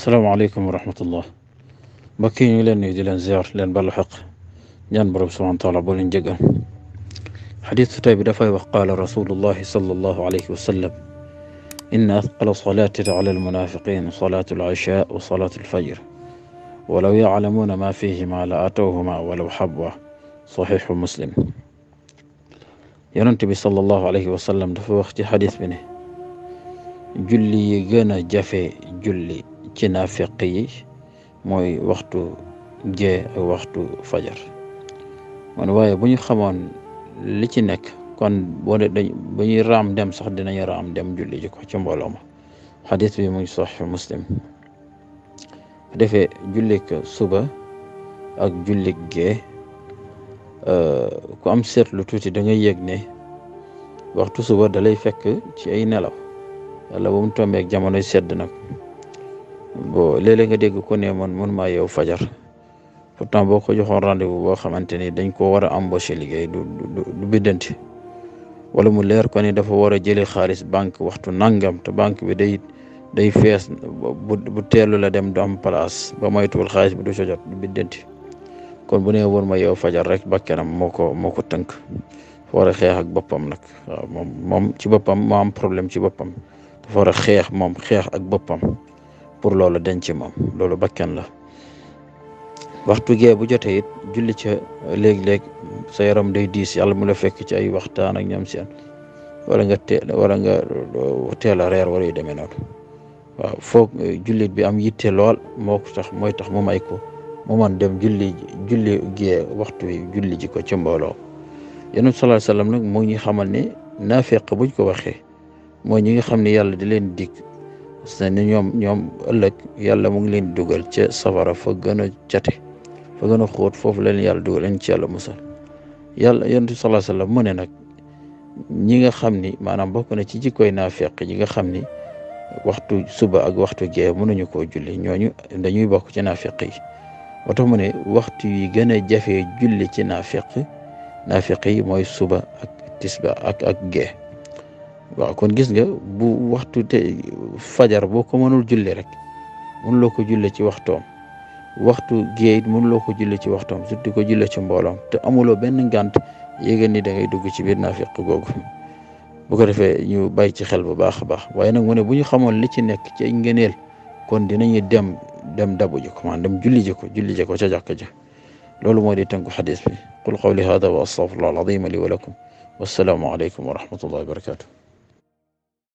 السلام عليكم ورحمة الله بكين لن يجي لن زيار لن بلحق جان برب سبحان تعالى بولن جقا حديث طيب دفع وقال رسول الله صلى الله عليه وسلم إن أثقل صلاة على المنافقين صلاة العشاء وصلاة الفجر ولو يعلمون ما فيهما لأتوهما ولو حبوا صحيح مسلم يرنتبي صلى الله عليه وسلم دفع وقت حديث منه جلي جنا جفي جلي ci naafeq yi mooy waxtu gee ak waxtu fajar man waaye bu ñu xamoon li ci nekk kon boo de dañ bu ñuy raam dem sax dinañu raam dem julli ji ko ci mbooloo ma xadis bi mu ngi saxi muslim defee jullik suba ak jullik gee ku am seetlu tuuti da ngay yëg ne waxtu suba da lay fekk ci ay nelaw yàlla bu mu tombeek jamonoy sedd nag bo léeg nga dégg ko ne man man maa yow fajar pourtant boo ko joxoon rendez-vous boo xamante ni dañ ko war a embaucher liggéey du du biddanti wala mu leer ko ni dafa war a jëlee xaalis banque waxtu nangam te banque bi day day fees bu bu teelu la dem du am place ba moytuwul xaalis bi du so jot du biddanti kon bu ne won ma yow fajar rek bakkanam moo ko moo ko tënk war a xeex ak boppam nag waaw moom ci boppam moo am problème ci boppam dafa war xeex moom xeex ak boppam pour loolu denc moom loolu bakkan la waxtu gee bu jotee it julli ca léeg-léeg sa yaram day diis yàlla mu la fekk ci ay waxtaan ak ñoom seen wala nga teel nga teel a reer wala yu demee noonu waaw foog jullit bi am yitte lool moo ko tax mooy tax mu may ko mu man dem julli julli gee waxtu wi julli ji ko ci mbooloo yonent sallallahu alayhi ñuy xamal ne naafiq buñ ko waxee mooy ñi nga xam ne yàlla di leen dig gis nañ ne ñoom ñoom ëllëg yàlla mu ngi leen dugal ca safara fa gën a jate fa gën a xóot foofu leen yàlla dugal leen ci yàlla musal yàlla yonent bi sallallahu alayhi ne nag ñi nga xam ni maanaam bokk na ci jikkoy naafeq ñi nga xam ni waxtu suba ak waxtu gee mënuñu koo julli ñooñu dañuy bokk ci naafeq yi moo tax mu ne waxtu yi gën a jafee julli ci naafeq naafeq yi mooy suba ak tisba ak ak gee waaw kon gis nga bu waxtu te fajar boo ko mënul julli rek mënuloo ko julle ci waxtoom waxtu gée it mënuloo ko julle ci waxtoom surtout ko julle ci mbooloom te amuloo benn gant yéega ni da ngay dugg ci biir naafiq googu bu ko defee ñu bàyyi ci xel bu baax a baax waaye nag mu bu ñu xamoon li ci nekk ci ay ngëneel kon dinañu dem dem dabu ji ko maanaam dem julli ji ko julli ji ko ca jàkk ja loolu moo di tënku xadis bi qul qawli hada wa astaghfirullah al azim li wa lakum wassalaamu aleykum wa